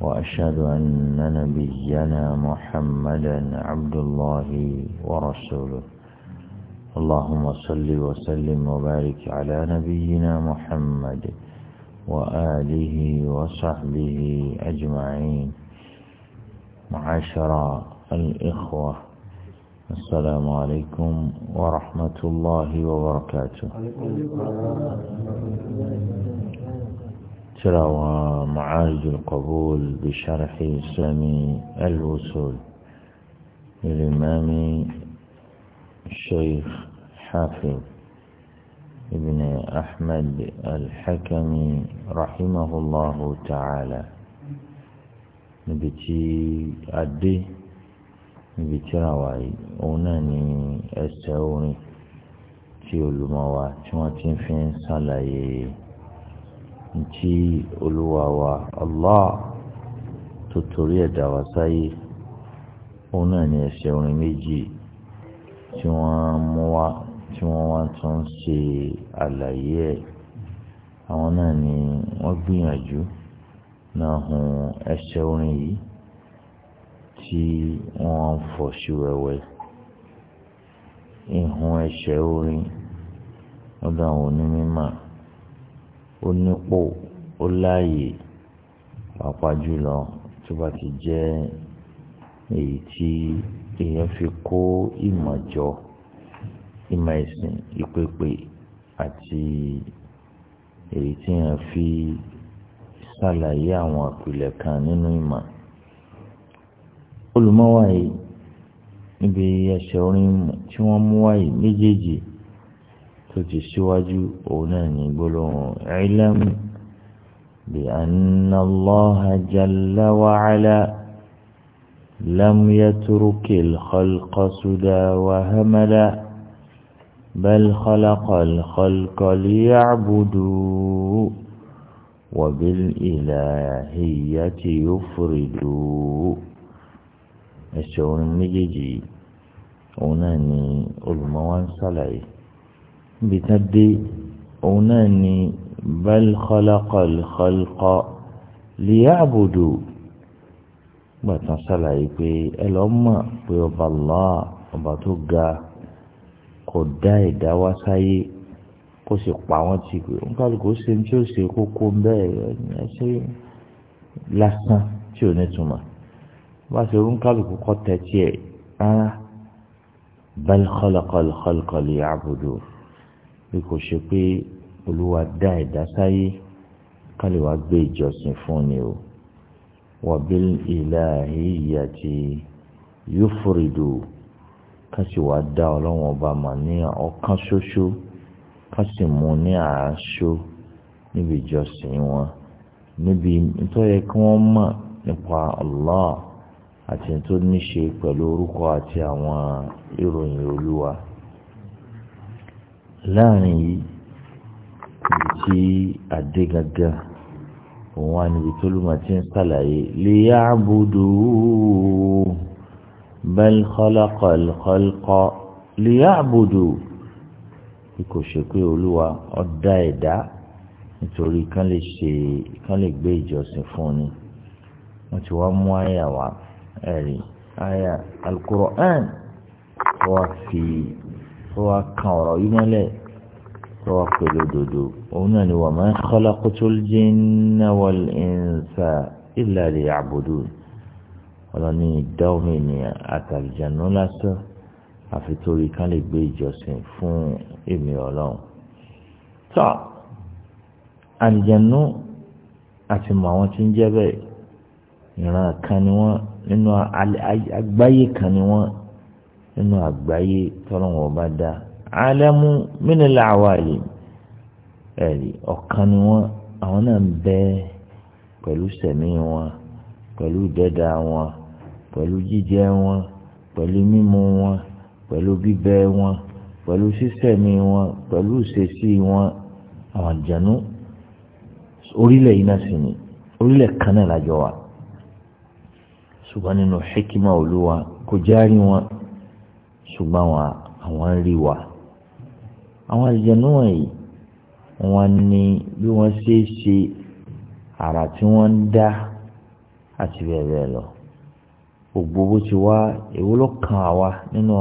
وأشهد أن نبينا محمدا عبد الله ورسوله اللهم صل وسلم وبارك على نبينا محمد وآله وصحبه أجمعين معاشر الإخوة السلام عليكم ورحمة الله وبركاته ترى ومعارج القبول بشرح سامي الوصول للإمام الشيخ حافظ ابن أحمد الحكمي رحمه الله تعالى نبتي أدي نبتي رواي أوناني أستعوني في الموات في صلايه ntí olúwa wa allah tó torí ẹ̀dá wa sáyé òun náà ní ẹsẹ̀ orin méjì tí wọn mú wá tí wọn wá tún ṣe àlàyé ẹ̀ àwọn náà ni wọ́n gbìyànjú náà hun ẹsẹ̀ orin yìí tí wọ́n fọ sí wẹ́wẹ́ ìhun ẹsẹ̀ orin lọ́dọ̀ àwọn onímọ̀. ó nípò ó láàyè pàápàá jùlọ tó bá ti jẹ́ èyí tí èèyàn fi kó ìmọ̀ jọ ìmọ̀ ẹ̀sìn ìpèpè àti èyí tí èèyàn fi ṣàlàyé àwọn àpilẹ̀ kan nínú ìmọ̀ olùmọ̀wáyé níbi ẹsẹ̀ orin tí wọ́n mú wáyé méjèèjì tó ti síwájú òun náà ní gbólóhùn ilam bi anna Allaha jalla wa ala lam yatrukil khalqa suda wa hamala bal khalaqal khalqa liya'budu wa bil ilahiyyati yufridu ẹ̀ṣẹ̀ òun méjèèjì òun náà ni olùmọ̀ wa ń sàlàyé. níbi tá dé òun náà ni bal khalaqa al-khalqa liya'budu gbàtàn ṣàlàyé pé ẹ lọ mọ̀ pé ọba Allah ọba tó ga kò dá ẹ̀dá wá sáyé kó sì pa wọ́n ti pé nkálukú ṣe ní tí ó ṣe kókó bẹ́ẹ̀ ẹ ṣe lásán tí ò ní túmọ̀ bá ṣe nkálukú kọ́ tẹ́tí ẹ̀ rárá bal liya'budu bí kò ṣe pé olúwa dá ẹ̀dá sáyé ká lè wá gbé ìjọsìn fún ni o wàbí ìlàhí àti yúfòrìdò ká sì wá dá ọlọ́run ọba mà ní ọ̀kan ṣoṣo ká sì mú ní àáṣó níbi ìjọsìn wọn níbi nítorí kí wọ́n mọ̀ nípa Allah àti tó níṣe pẹ̀lú orúkọ àti àwọn ìròyìn olúwa láàrin yìí ibi tí adé gangan òun wà níbi tó lùmọ̀ tí ń sàlàyé liya'budu bal khalaqal khalqa liya'budu bí kò ṣe pé olúwa ọ̀dá ẹ̀dá nítorí kán lè ṣe kán lè gbé ìjọsìn fún ni wọ́n ti wá mú àyà wá ẹ̀rí àyà al-Qur'an wọ́n fi tó wá kan ọ̀rọ̀ yìí mọ́lẹ̀ tó wá pèlè òdodo òun náà ni wa ma khalaqtul jinna wal insa illa liya'budun ọlọ́ni ìdáhùn ènìyàn àtàlìjànú lásán àfi torí ká lè gbé ìjọsìn fún èmi ọlọ́run tó àlìjànú àti mọ àwọn tí ń jẹ́ bẹ́ẹ̀ ìran kan ni wọ́n nínú àgbáyé kan ni wọ́n nínú àgbáyé tọ́lọ́wọ́n ọba dá alẹ́mú mínìlá àwàlì ẹ̀rí ọ̀kan ni wọ́n àwọn náà ń bẹ pẹ̀lú sẹ̀mí wọn pẹ̀lú ìdẹ́dà wọn pẹ̀lú jíjẹ wọn pẹ̀lú mímu wọn pẹ̀lú bíbẹ wọn pẹ̀lú sísẹ̀mí wọn pẹ̀lú ìṣesí wọn àwọn àjànú orílẹ̀ yìí náà sì ni orílẹ̀ kan náà lájọ wa ṣùgbọ́n nínú hikima olúwa kò járí wọn ṣùgbọ́n àwọn àwọn rí wa àwọn àlùjànnú wọ̀nyí wọ́n ní bí wọ́n ṣe é ṣe àrà tí wọ́n ń dá àti bẹ́ẹ̀ bẹ́ẹ̀ lọ gbogbo bó ti wá èwo ló kan àwa nínú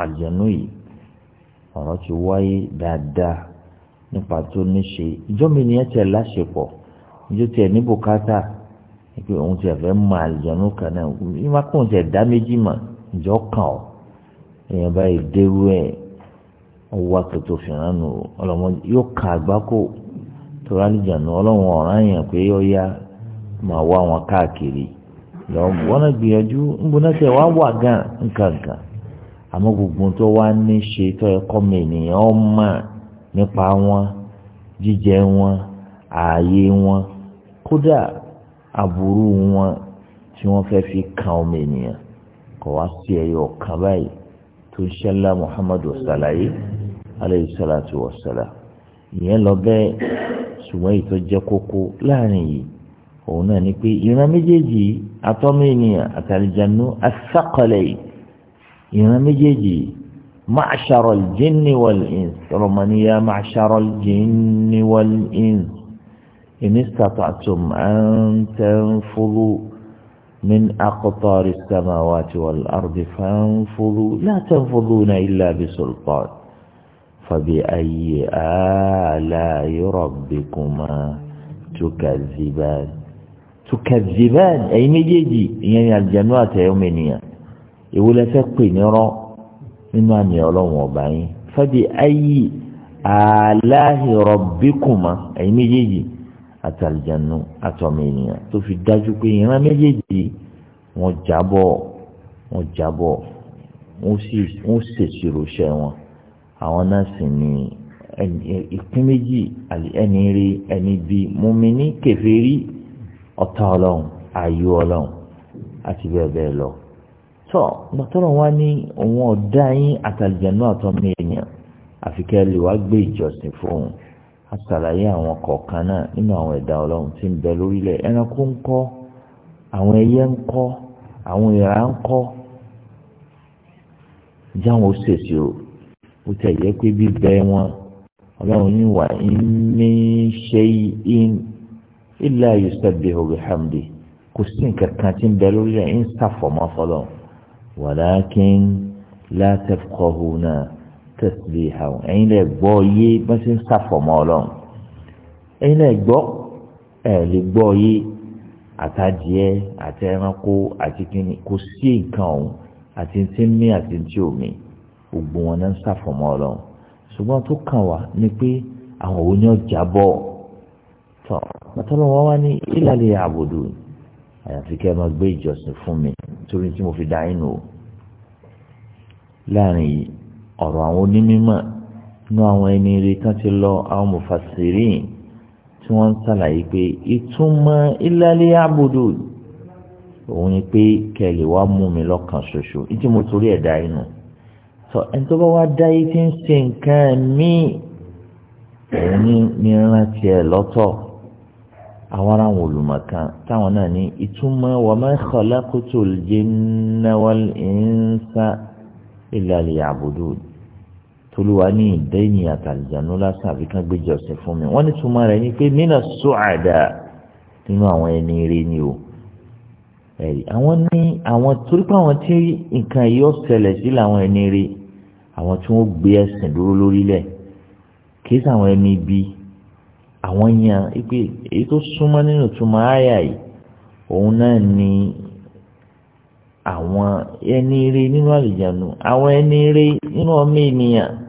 àlùjànnú yìí ọ̀rọ̀ ti wáyé dáadáa nípa tó ní ṣe ìjọ mi ni ẹ tẹ láṣepọ̀ ìjọ tiẹ̀ ní bùkátà pé òun tiẹ̀ fẹ́ mọ àlùjànnú kan náà ìmọ̀ kóun tiẹ̀ dá méjì mọ̀ ìjọ kàn ọ́ èèyàn báyìí dérú ẹ̀ ọwọ́ àtòtò fìrànù ọlọ́mọ yóò kà àgbákò torí àlìjànú ọlọ́run ọ̀ràn yẹn pé ó yá máa wá wọn káàkiri wọn náà gbìyànjú ń gbóná tẹ̀ wá wà gan nkankan àmọ́ gbogbo tó wá ní ṣe tó ènìyàn ọmọ nípa wọn jíjẹ wọn ààyè wọn kódà wọn tí fi kan ọmọ ènìyàn kò wá sí ẹyọ kan báyìí tó ń ṣẹlá muhammadu ṣàlàyé alayhi salatu wa salam ìyẹn lọ bẹ́ẹ̀ ṣùgbọ́n èyí tó jẹ́ kókó láàrin yìí òun náà ni pé ìran méjèèjì atọ́mọ ènìyàn àtàlìjànú asaqalay ìran méjèèjì ma'sharal jinni wal ins rọmọnìyà ma'sharal jinni wal ins in istata'tum an tanfudhu. من أقطار السماوات والأرض فانفضوا لا تنفضون إلا بسلطان فبأي آلاء ربكما تكذبان تكذبان أي مجيجي يعني الجنوات يومينيا يقول تقوي نرى من أن يعلم وبعين فبأي آلاء ربكما أي مجيجي Atalijanu àtọmọ ènìyàn tó fi dájú pé ìran méjèèjì wọn jábọ̀ wọn jábọ̀ wọn sì wọn ṣèṣirò iṣẹ́ wọn àwọn náà sì ní ìpín méjì ẹni rí ẹni bí mùmíní kèfèrí ọ̀tá Ọlọ́run ayọ̀ Ọlọ́run àti bẹ́ẹ̀ bẹ́ẹ̀ lọ tọ gbàtọrọ wa ní òun ọdá yín àtàlìjànù àtọmọ àfikẹ́ lè wá gbé ìjọsìn fóun àṣàlàyé àwọn kọ̀ọ̀kan náà nínú àwọn ẹ̀dá ọlọ́run tí ń bẹ lórílẹ̀ ẹranko ń kọ́ àwọn ẹyẹ ń kọ́ àwọn ìrà ń kọ́ jáwọn ṣèṣì o ó tẹ̀ yẹ pé bíbẹ wọn ọlọ́run níwà ní ṣe in illa yusabbihu bihamdi kò sí nǹkan kan tí ń bẹ lórílẹ̀ ń sàfọ̀mọ́ fọlọ́ walakin la náà tẹ̀sílẹ̀ ìhàwọ̀ ẹ̀yin lè gbọ́ yé bá ṣe ń sàfọ̀mọ́ ọlọ́run ẹ̀yin lè gbọ́ ẹ̀ lè gbọ́ yé àtàdìẹ àti ẹranko àti kìnnì kò sí nǹkan ọ̀hún àti tí ń mí àti tí ò mí gbogbo wọn náà ń sàfọ̀mọ́ ọlọ́run ṣùgbọ́n tó kàn wá ni pé àwọn òun yóò jábọ̀ tọ́ pàtàlọ́wọ́ wá ní ìlàlẹ̀ àbòdò àyàfi kẹ́ ẹ máa gbé ìjọsìn fún mi torí tí mo fi dá inú o láàrin yìí ọ̀rọ̀ àwọn onímọ̀ nú àwọn ẹni rí tán ti lọ àwọn mufasirin tí wọ́n ń sàlàyé pé ìtumọ̀ ilẹ̀ abudu òun ni pé kẹ̀lé wa mú mi lọ́kàn ṣoṣo ìdí mo torí ẹ̀ dá inú sọ ẹni tó bá wá dá yìí ti ń ṣe nǹkan míì òun ní ní rántí ẹ lọ́tọ̀ àwọn ará olùmọ̀kan táwọn náà ní ìtumọ̀ wa ma khalaqtul jinna wal insa illa liya'budun tolúwa ní ìdá ènìyàn àtàlìjànú lásán àbí kan gbéjọ ọ̀sẹ̀ fún mi wọ́n ní túmọ̀ rẹ̀ ni pé mínà sọ́àdà nínú àwọn ẹni rí ni o ẹ̀rí àwọn ní àwọn torí pé àwọn tí nǹkan yìí ó ṣẹlẹ̀ sí làwọn ẹni rí àwọn tí wọ́n gbé ẹ̀sìn dúró lórílẹ̀ kìí sàwọn ẹni bí àwọn yan pé èyí tó súnmọ́ nínú túmọ̀ àyà yìí òun náà ni àwọn ẹni rí nínú àlìjànú àwọn ẹni rí nínú ọmọ ènìyàn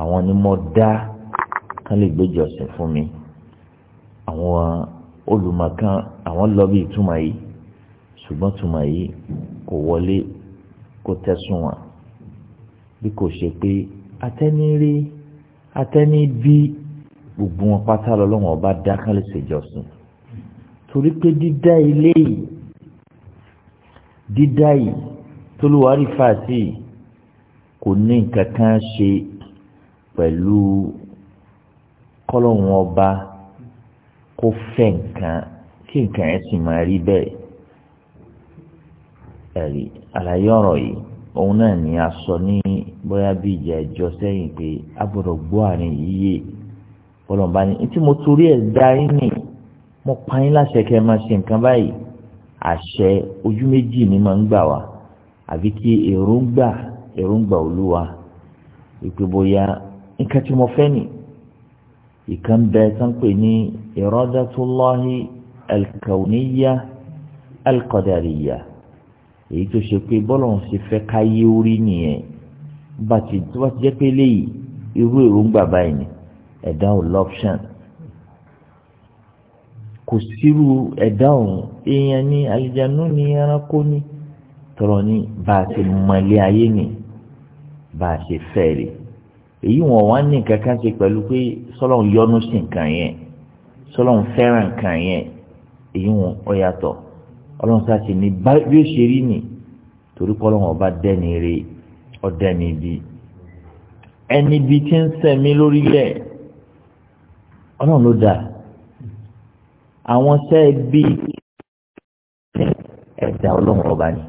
àwọn ni mo dá kán lè gbéjọsìn fún mi àwọn olùmọ̀kan àwọn lọ bí ìtumọ̀ yìí ṣùgbọ́n ìtumọ̀ yìí kò wọlé kó tẹ̀sùn wọn bí kò ṣe pé atẹ́ni rí atẹ́ni bí gbogbo wọn pátá lọ́wọ́n ọba dá kán lè ṣèjọsìn torí pé dídá ilé yìí dídá yìí tólúwárí fàásì kò ní nǹkan kan ṣe pẹ̀lú kọ́lọ́hún ọba kó fẹ́ nǹkan kí nǹkan ẹ̀ sì máa rí bẹ́ẹ̀ ẹ̀rí àlàyé ọ̀rọ̀ yìí òun náà ni a sọ ní bóyá bí ìjà ẹjọ́ sẹ́yìn pé mo torí ẹ̀ dá mo pa yín láṣẹ ma máa ṣe nǹkan báyìí àṣẹ ojú méjì ni máa ń gbà wá àbí kí èròǹgbà èròǹgbà olúwa nǹkan tí mo fẹ́ nì ìkan bẹ tán pè ní iradatullahi alkauniya alqadariya èyí tó ṣe pé bọ́lọ̀hún ṣe fẹ́ káyé orí nìyẹn bá ti tó bá ti jẹ́ pé léyìí irú èròǹgbà báyìí ni ẹ̀dá lọ́pṣàn kò sírú ẹ̀dá èèyàn ní àlìjánu ní ẹranko ní tọrọ ní bá a ṣe mọ̀lẹ́ ayé ni bá a ṣe fẹ́ rèé èyí wọn wá ní nǹkan kan ṣe pẹ̀lú pé sọlọ́n yọ́nú sí nǹkan yẹn sọlọ́n fẹ́ràn nǹkan yẹn èyí wọn ọ yàtọ̀ ọlọ́run sáàsì ní bí ó ṣe rí nì torí pé ọlọ́run ọba dẹ́ni re ọdẹ́ni bí ẹni bí ti ń sẹ̀mí lórílẹ̀ ọlọ́run ló dà àwọn sẹ́ bí ẹ̀dá ọlọ́run ọba ni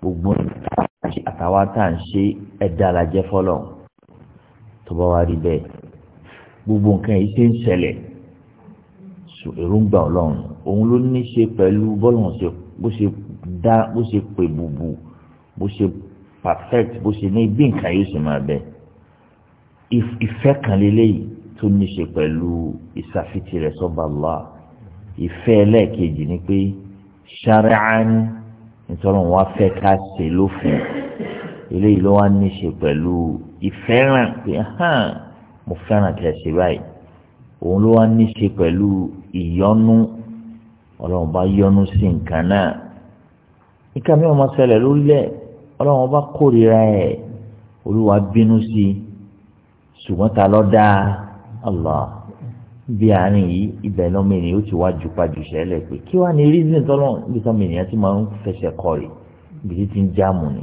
gbogbo àtàwọn tá à ń ṣe ẹ̀dá la jẹ́ fọlọ́run tọba wa rí bẹ́ẹ̀ gbogbo nǹkan yìí ṣe ń ṣẹlẹ̀ èròǹgbà ọlọ́run òun ló ní í ṣe pẹ̀lú bọ́lọ̀ ṣe bó ṣe dá bó ṣe pè bùbù bó ṣe perfect bó ṣe ní bí nǹkan yìí ṣe máa bẹ ìfẹ́ kan lélẹ́yìí tó ní í ṣe pẹ̀lú ìsàfitì rẹ̀ sọ́ba Allah ìfẹ́ ẹlẹ́ẹ̀kejì ni pé ṣáráán nítorí wọn fẹ́ ká ṣe lófin eléyìí ló wá ní í ṣe pẹ̀lú ìfẹ́ràn pé hàn mo fẹ́ràn tẹ̀ ṣe báyìí òun ló wá ní ṣe pẹ̀lú ìyọnu ọlọ́run bá yọnu sí nǹkan náà nǹkan mi ò máa ṣẹlẹ̀ lórílẹ̀ ọlọ́run bá kórìíra ẹ̀ olúwa bínú sí ṣùgbọ́n ta ló dá Allah bí àárín yìí ibẹ̀ lọ́mọ ènìyàn ó ti wá jùpajù sẹ́lẹ̀ pé kí wàá ní reason tọ́lọ́ níbi tọ́mọ ènìyàn ti máa ń fẹsẹ̀ kọ́ rè ibi tí ti ń jáàmù ni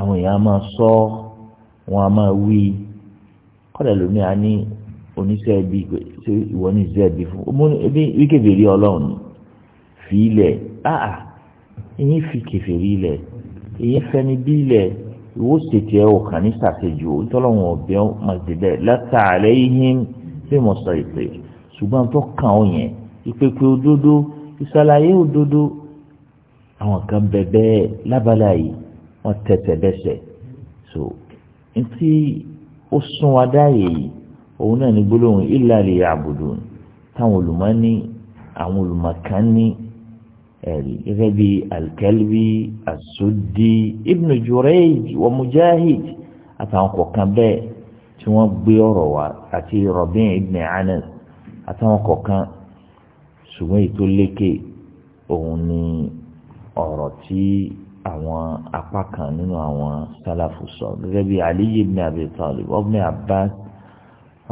àwọn èèyàn máa sọ wọn a máa wí kọ́dà lómi à ní oníṣẹ́ ẹbí ṣé ìwọ ní ìṣe ẹbí fún un ebi wíkèfé rí ọlọ́run fi ilẹ̀ áà ìyẹn fi kèfé rí ilẹ̀ ìyẹn fẹ́ni bí ilẹ̀ ìwọ ṣètì ẹ̀ ọ̀kan ní sàṣejù ìtọ́lọ́run ọ̀bẹ máa ṣe bẹ́ẹ̀ látàlẹ́ yín bí mo sọ ìpè ṣùgbọ́n tó kàn ó yẹn ìpèpè òdodo ìṣàlàyé òdodo àwọn kan bẹ bẹ́ẹ̀ lábala yìí wọ́n tẹ̀tẹ̀ bẹ́sẹ̀ so ntí ó sún wa dáàyè yìí òun náà ní gbólóhùn illa liya'budun táwọn olùmọ̀ ní àwọn olùmọ̀ kan ní ẹ̀rí gẹ́gẹ́ bí al-Kalbi as-Suddi Ibn Jurayj wa Mujahid àtàwọn kọ̀ọ̀kan bẹ́ẹ̀ tí wọ́n gbé ọ̀rọ̀ wá àti Rabi' ibn Anas àtàwọn kọ̀ọ̀kan ṣùgbọ́n ètò lékè òun ni ọ̀rọ̀ tí àwọn apá kan nínú àwọn sálàfù sọ gẹ́gẹ́ bí aliyu ibn abi talib ibn abbas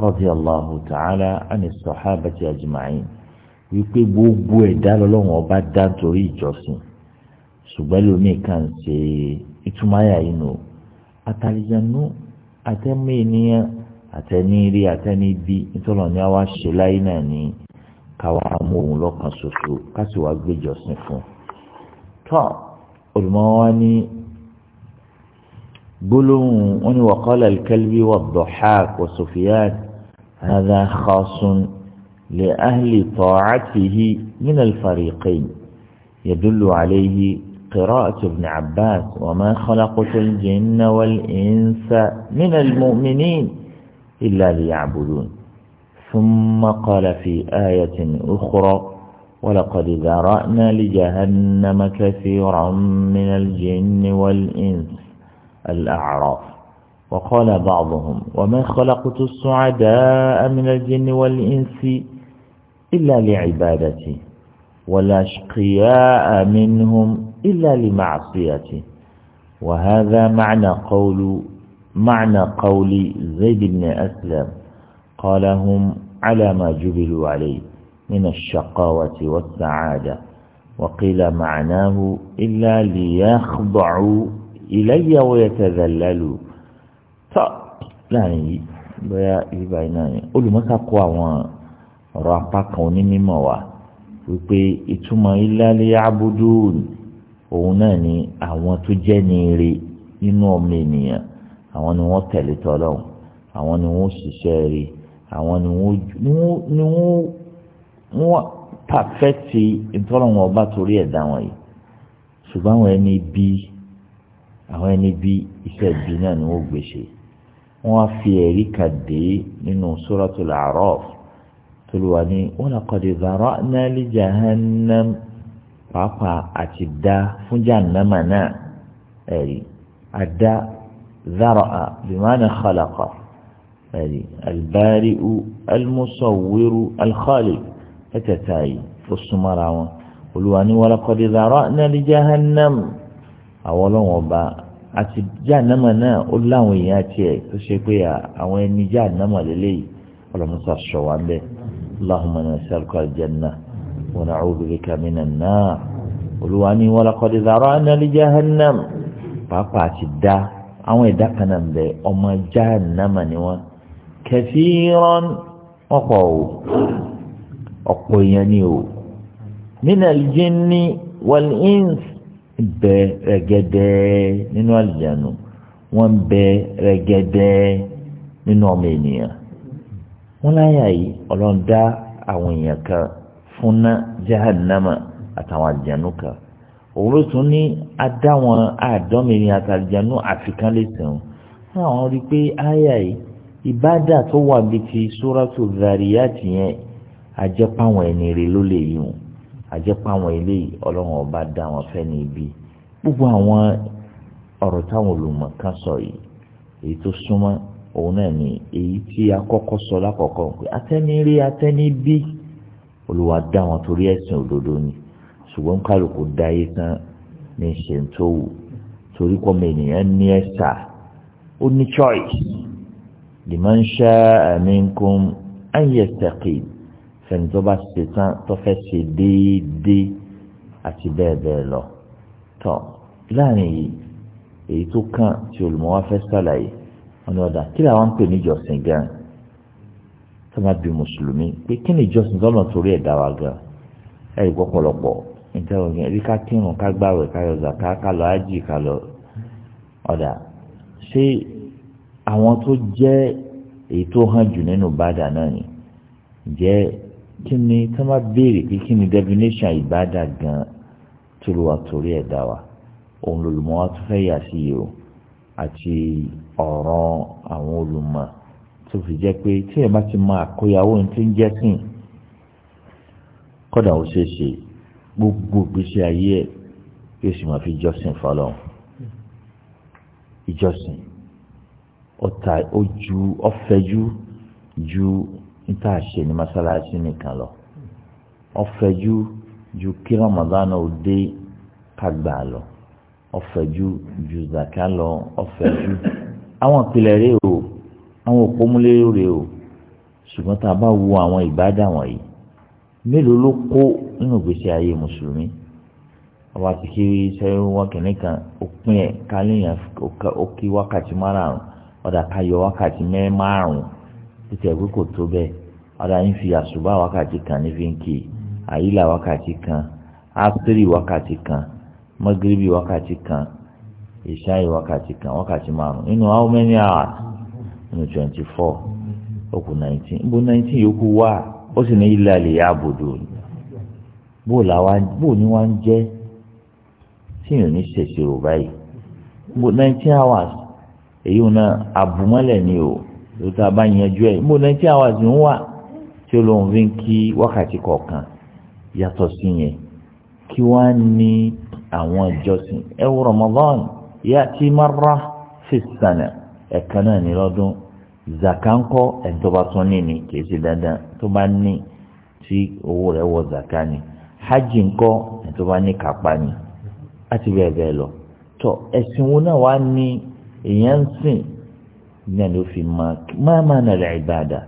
radiyallahu ta'ala ani sahabati ajma'in wípé gbogbo ẹ̀dá lọ́lọ́run ọba dá torí ìjọsìn ṣùgbọ́n lómi kan ṣe ìtumọ̀ àyà yìí nù àtàlìjànú àtẹ́mú ènìyàn àtẹnirí àtẹnibí ìtọ́nà ni a wá ṣe láyé náà ní káwa mú òun lọ́kàn ṣoṣo ká sì wá gbéjọsìn fún un. الموانئ قلون وقال الكلب والضحاك وسفيان هذا خاص لأهل طاعته من الفريقين يدل عليه قراءة ابن عباس وما خلقت الجن والإنس من المؤمنين إلا ليعبدون ثم قال في آية أخرى ولقد ذرأنا لجهنم كثيرا من الجن والإنس الأعراف وقال بعضهم وما خلقت السعداء من الجن والإنس إلا لعبادتي والأشقياء منهم إلا لمعصيتي وهذا معنى قول معنى قول زيد بن أسلم قال هم على ما جبلوا عليه من الشقاوة والسعادة وقيل معناه إلا ليخضعوا إلي ويتذللوا láàrin yìí bóyá ìbá iná yẹn olùmọ́sá kó àwọn ọ̀rọ̀ apá kan onímọ̀ wá wípé ìtumọ̀ ilálẹ́ abudu òun náà ni àwọn tó jẹ́ ní ire nínú ọmọ ènìyàn àwọn ni wọ́n tẹ̀lé tọ́lọ́hún àwọn ni wọ́n ṣiṣẹ́ rí àwọn ni wọ́n wọ́n pàfẹ́tì ìtọ́lọ́wọ́n ọba torí ẹ̀dá wọn yìí ṣùgbọ́n àwọn ẹni bí àwọn ẹni bí iṣẹ́ bí náà ni wọ́n gbèsè wọ́n á fi ẹ̀rí kan dé nínú Suratul A'raf tolúwa ní wa laqad zara'na li jahannam pàápàá àti dá fún jahannama náà ẹ̀rí àdá zara'a bima'na khalaqa ẹ̀rí al-bari'u al-musawwiru al-khaliq mẹ́tẹ̀ẹ̀ta yìí ó súnmọ́ra wọn olùwà ní wọ́n lọ́kọ́dé làárọ̀ náà lè jẹ́ hannam àwọn ọlọ́wọ́n ọba àti jáànámà náà ó láwọn èèyàn tiẹ̀ tó ṣe pé àwọn ẹni jáànámà lélẹ́yìí ọlọ́mọṣà sọ wá bẹ́ẹ̀ اللهم نسألك الجنة ونعوذ بك من النار olùwà ní wọ́n lọ́kọ́dé làárọ̀ náà lè jẹ́ hannam pàápàá ti dá àwọn ẹ̀dá kan náà bẹ ọmọ jáànámà ni wọn kẹfì rán ọ̀pọ̀ ọ̀pọ̀ èèyàn ni o nínú al-jinni wal-ins bẹ rẹ̀gẹ̀dẹ̀ nínú àlìjánu wọ́n bẹ rẹ̀gẹ̀dẹ̀ nínú ọmọ ènìyàn wọ́n láyà yìí ọlọ́run dá àwọn èèyàn kan fúnná jahannama àtàwọn àlìjánu kan òwúrò tún ní adáwọn àdánmìírin àtàlìjánu àfikán lè sẹ́wọ̀n àwọn rí i pé áyà yìí ìbádà tó wà bíi ti sóràtò Zariyati yẹn ajẹ́páwọn ẹni rè ló lè yí wọn ajẹ́páwọn eléyìí ọlọ́run ọba dá wọn fẹ́ ní ibi gbogbo àwọn ọ̀rọ̀ táwọn olùmọ̀ kan sọ yìí èyí tó súnmọ́ òun náà ni èyí tí akọ́kọ́ sọ lákọ̀ọ́kọ́ pé atẹ́nirí atẹ́nibí olùwà dá wọn torí ẹ̀sìn òdodo ni ṣùgbọ́n kálukú dá yé tán ní ṣe ń tó wù torí kọ́ mi ènìyàn ní ẹ̀sà ó ní choice liman sha'a minkum an yastaqim fẹni tó bá ṣe tán tó fẹ́ ṣe déédéé àti bẹ́ẹ̀ bẹ́ẹ̀ lọ tọ́ láàrin yìí èyí tó kàn tí olùmọ̀wá fẹ́ sàlàyé ọ̀nà ọ̀dà kí làwọn ń pè ní ìjọsìn gan tó má bí mùsùlùmí pé kí ni ìjọsìn tọ́nà torí ẹ̀dá wa gan ẹ̀rí pọ̀pọ̀lọpọ̀ níta ògìn ẹ̀rí ká kírun ká gbàwẹ̀ ká yọ zàká ká lọ ájì ká lọ ọ̀dà ṣé àwọn tó jẹ́ èyí tó hàn jù nínú bàdà náà ni jẹ́ kí ni tí wọ́n bá béèrè pé kí ni definition ìbádà gan tuluwa ló wà torí ẹ̀ dá wa òun lòlùmọ́ wa tó fẹ́ yà sí yìí o àti ọ̀rọ̀ àwọn olùmọ̀ tó fi jẹ́ pé tí ẹ̀ bá ti máa àkóyawó ní tó ń jẹ́ sìn kọ́dà ó ṣeé ṣe gbogbo gbèsè ayé ẹ̀ yóò sì máa fi jọ́sìn fọlọ́ ìjọsìn ọ̀tà ojú ọ̀fẹ́jú ju níta ṣe ní mọ́sálásí nìkan lọ ọ̀fẹ́jú ju kí Ramadan ó dé kagbà lọ ọ̀fẹ́jú ju zaka lọ ọ̀fẹ́jú àwọn ìpìlẹ̀ rẹ̀ o àwọn òpómúlé rẹ̀ o ṣùgbọ́n tá a bá wo àwọn ìbádà wọ̀nyí mélòó ló kó nínú ìgbésí ayé mùsùlùmí ọba ti kí sẹ́yìn wọn kìíní kan òpin ẹ̀ káléèyàn ó kí wákàtí márùn-ún ọ̀dà ká yọ wákàtí mẹ́rin márùn-ún títí ẹ̀gbẹ́ kò tó bẹ́ẹ̀ ọ̀dà yín fi àṣùbà wákàtí kan ní fi àyílà wákàtí kan ápírì wákàtí kan mọ́gíríbì wákàtí kan wákàtí kan wákàtí márùn-ún nínú how many hours nínú twenty four ó nineteen bó nineteen yòókù wá ó sì ní ilé àlè yá àbòdò bó ni wọ́n ń jẹ́ tí ní ṣèṣirò báyìí bó nineteen hours èyí lóòótọ́ àbá yanjú ẹ̀ mbó nineteen hours ń wà tí olóhùn fi ń kí wákàtí kọ̀ọ̀kan yàtọ̀ sí yẹn kí wọ́n ní àwọn ìjọsìn ẹ Ramadan ya'ti marra fi sana ẹ̀ka náà ní lọ́dún zaka ńkọ́ ẹ̀ńtọ́ba ní ni kì í ṣe dandan tó bá ní tí owó rẹ̀ wọ zaka ni hajj ńkọ́ ẹ̀ńtọ́ba ní kápá ni àti bẹ́ẹ̀ bẹ́ẹ̀ lọ tọ ẹ̀sìn wo náà wá ní èèyàn ń sìn náà ló fi máa máa máa nà lè ìbàdà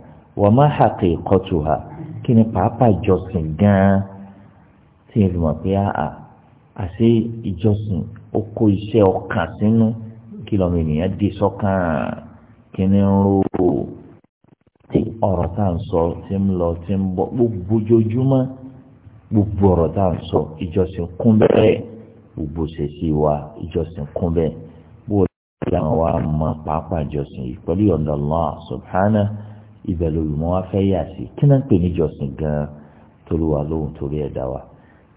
wọ́n máa hàkè ìkọ́tù ha kí ni pàápàá ìjọsìn gan-an tí yẹn fi mọ̀ pé àà àṣé ìjọsìn ó kó iṣẹ́ ọkàn sínú kí lọ́mọ ènìyàn dé sọ́kàn ro tí ọ̀rọ̀ tá à ń sọ tí ń lọ tí ń gbogbo ojoojúmọ́ gbogbo ọ̀rọ̀ tá à ń sọ ìjọsìn gbogbo ṣèṣì wa ìjọsìn kún dáhùn wa mọ pàápàá jọsìn yìí pẹ̀lú ọ̀nà Allah subhana ibẹ̀ lolùmọ́ wa fẹ́ yà sí kí náà ń pè ní jọsìn gan-an torí wa lóhùn torí ẹ̀dá wa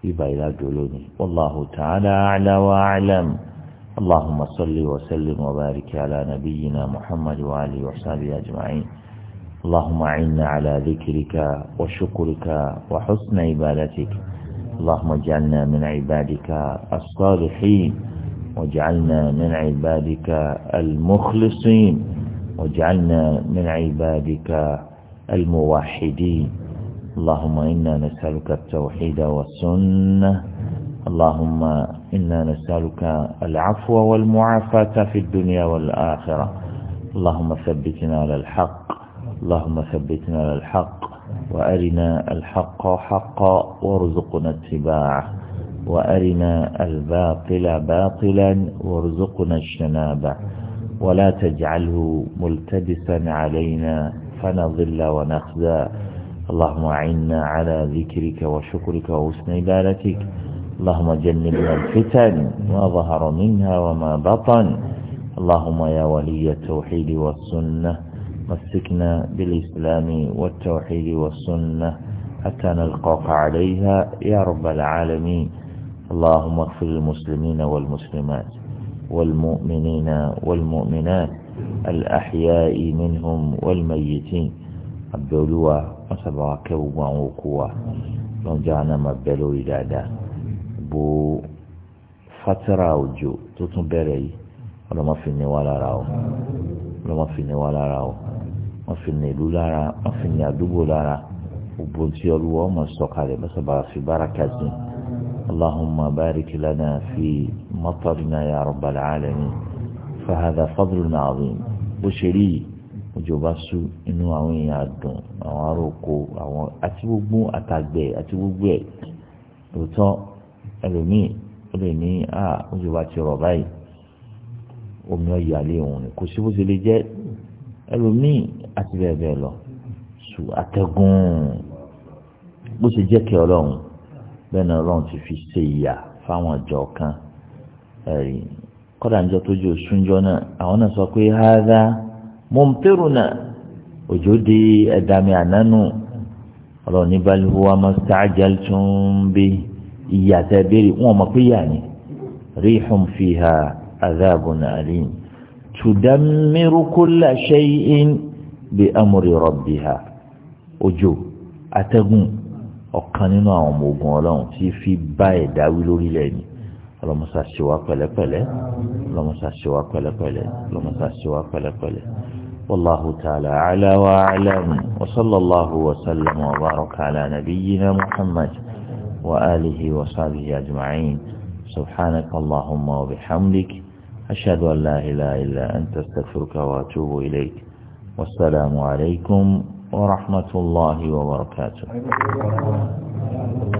bíbá ìlà dòló ni wallahu ta'ala a'la wa a'lam allahumma masalli wa sallim wa barik ala nabiyyina muhammad wa ali wa sahbihi ajma'in اللهم عنا على ذكرك وشكرك وحسن عبادتك اللهم اجعلنا من عبادك الصالحين واجعلنا من عبادك المخلصين واجعلنا من عبادك الموحدين اللهم إنا نسألك التوحيد والسنة اللهم إنا نسألك العفو والمعافاة في الدنيا والآخرة اللهم ثبتنا على الحق اللهم ثبتنا على الحق وأرنا الحق حقا وارزقنا اتباعه وأرنا الباطل باطلا وارزقنا الشنابع ولا تجعله ملتبسا علينا فنضل ونخزى اللهم أعنا على ذكرك وشكرك وحسن عبادتك اللهم جنبنا الفتن ما ظهر منها وما بطن اللهم يا ولي التوحيد والسنة مسكنا بالإسلام والتوحيد والسنة حتى نلقاك عليها يا رب العالمين اللهم اغفر للمسلمين والمسلمات والمؤمنين والمؤمنات الأحياء منهم والميتين أبدولوا أصبع كوبا وقوا لنجعنا مبدلوا إلادا بو فترة وجو تتم بري ولا ما فيني ولا راو ولا ما فيني ولا راو ما فيني لولارا ما فيني أدوبو لارا وبنتي الله ما استقال بس بارك بركة اللهم بارك لنا في مطرنا يا رب العالمين فهذا فضل عظيم بشري òjòba sú inú àwọn èèyàn àdùn àwọn aróko àwọn àti gbogbo àtàgbẹ̀ àti gbogbo ẹ̀ lóòótọ́ ẹlòmíì ó lè ní à òjòba ti rọ̀ báyìí omi ọ̀yà lé òun ni kò sí bó ṣe lè jẹ́ ẹlòmíì àti bẹ́ẹ̀ bẹ́ẹ̀ lọ sùn àtẹ̀gùn bó ṣe jẹ́ kẹ́ ọlọ́run bẹ́ẹ̀ náà ọlọ́run ti fi ṣe ìyà fáwọn ọjọ́ kan ẹ̀rí kọ́dà níjọ́ tó jẹ́ oṣùnjọ́ náà àwọn náà sọ pé hádà mọ̀mpẹ́rùnà òjò di ẹ̀dàmì ànánú ọlọ́run ní balùwẹ̀ wa máa ṣáájàl tún bí ìyà tẹ́ béèrè wọn mọ̀ pé yà ni rihum fiha adhabun alim tudammiru kulla shay'in bi amri rabbiha òjò atẹ́gùn ọ̀kan nínú àwọn ọmọ ogun ọlọ́run tí fi bá ẹ̀dá wí lórílẹ̀ ni ọlọ́mọsá ṣe wá pẹ̀lẹ́pẹ̀lẹ́ ọlọ́mọsá ṣe wá pẹ̀lẹ́pẹ̀lẹ́ ọlọ́mọsá ṣe wá pẹ̀lẹ́pẹ̀lẹ́ والله تعالى أعلى وأعلم وصلى الله وسلم وبارك على نبينا محمد وآله وصحبه أجمعين سبحانك اللهم وبحمدك أشهد أن لا إله إلا أنت استغفرك وأتوب إليك والسلام عليكم ورحمة الله وبركاته